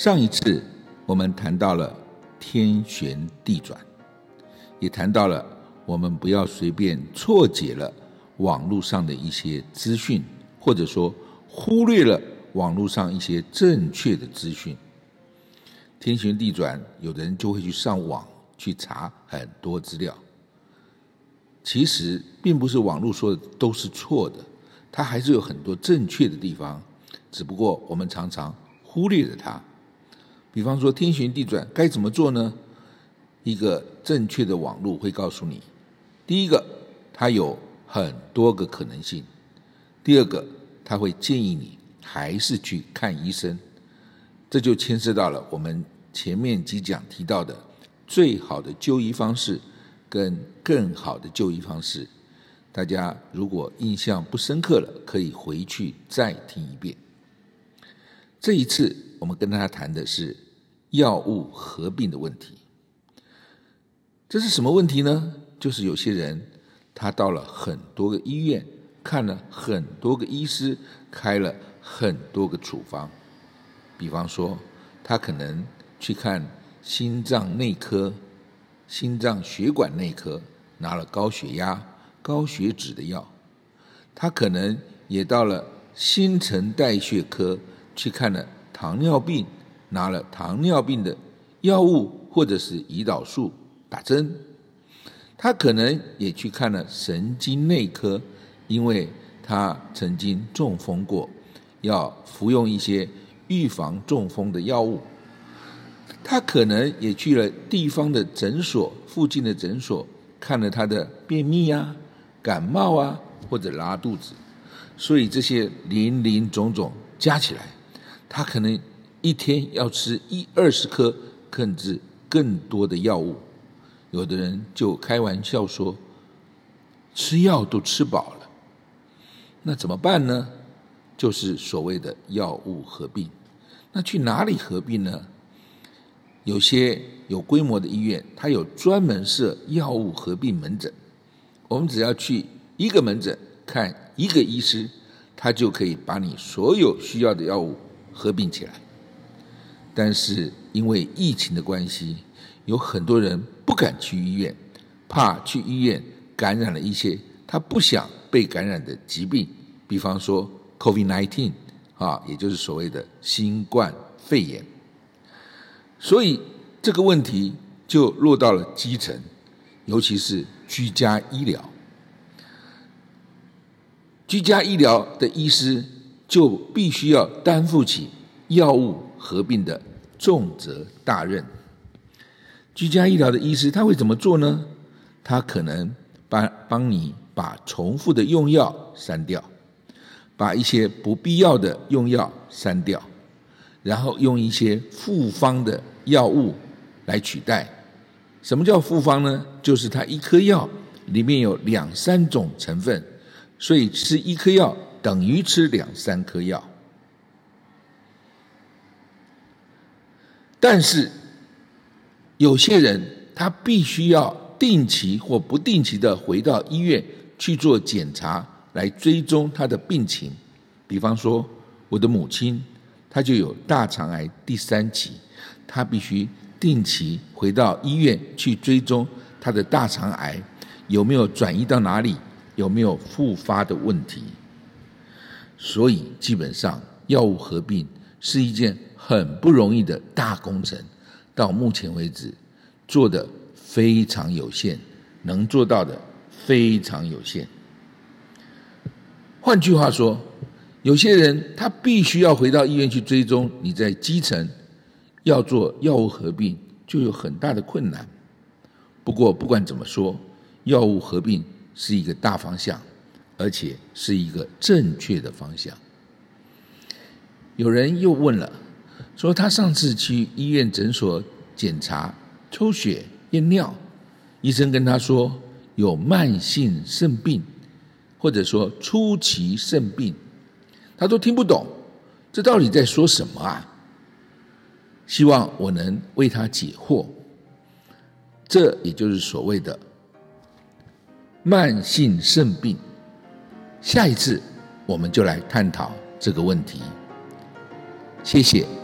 上一次我們談到了天旋地轉，也談到了我們不要隨便錯解了網絡上的一些資訊，或者說忽略了網絡上一些正確的資訊。天旋地轉，有的人就會去上網去查很多資料。其實並不是網絡說的都是錯的，它還是有很多正確的地方，只不過我們常常忽略了它。比方說天旋地轉，該怎麼做呢？一個正確的網絡會告訴你。第一個，它有很多個可能性；第二個，它會建議你還是去看醫生。這就牽涉到了我們前面幾講提到的最好的就醫方式跟更好的就醫方式。大家如果印象不深刻了，可以回去再聽一遍。這一次，我們跟大家談的是藥物合併的問題。這是什麼問題呢？就是有些人他到了很多個醫院，看了很多個醫師，開了很多個處方。比方說，他可能去看心臟內科、心臟血管內科，拿了高血壓、高血脂的藥；他可能也到了新陳代謝科。去看了糖尿病，拿了糖尿病的藥物或者是胰島素打針。他可能也去看了神經內科，因為他曾經中風過，要服用一些預防中風的藥物。他可能也去了地方的診所，附近的診所看了他的便秘啊、感冒啊或者拉肚子。所以這些零零總總加起來。他可能一天要吃一二十顆，甚至更多的藥物。有的人就開玩笑說：“吃藥都吃飽了。”那怎麼辦呢？就是所謂的藥物合併。那去哪裡合併呢？有些有規模的醫院，它有專門設藥物合併門診。我們只要去一個門診看一個醫師，他就可以把你所有需要的藥物。合併起來，但是因為疫情的關係，有很多人不敢去醫院，怕去醫院感染了一些他不想被感染的疾病，比方說 COVID-19，啊，也就是所謂的新冠肺炎。所以這個問題就落到了基層，尤其是居家醫療。居家醫療的醫師。就必須要擔負起藥物合併的重責大任。居家醫療的醫師他會怎麼做呢？他可能幫幫你把重複的用藥刪掉，把一些不必要的用藥刪掉，然後用一些複方的藥物來取代。什麼叫複方呢？就是它一顆藥裡面有兩三種成分，所以吃一顆藥。等於吃兩三顆藥，但是有些人他必須要定期或不定期的回到醫院去做檢查，來追蹤他的病情。比方說，我的母親，她就有大腸癌第三期，她必須定期回到醫院去追蹤她的大腸癌有沒有轉移到哪裡，有沒有復發的問題。所以，基本上藥物合併是一件很不容易的大工程，到目前為止做的非常有限，能做到的非常有限。換句話說，有些人他必須要回到醫院去追蹤，你在基層要做藥物合併就有很大的困難。不過，不管怎麼說，藥物合併是一個大方向。而且是一個正確的方向。有人又問了，說他上次去醫院診所檢查、抽血驗尿，醫生跟他說有慢性腎病，或者說初期腎病，他都聽不懂，這到底在說什麼啊？希望我能為他解惑。這也就是所謂的慢性腎病。下一次，我們就來探討這個問題。謝謝。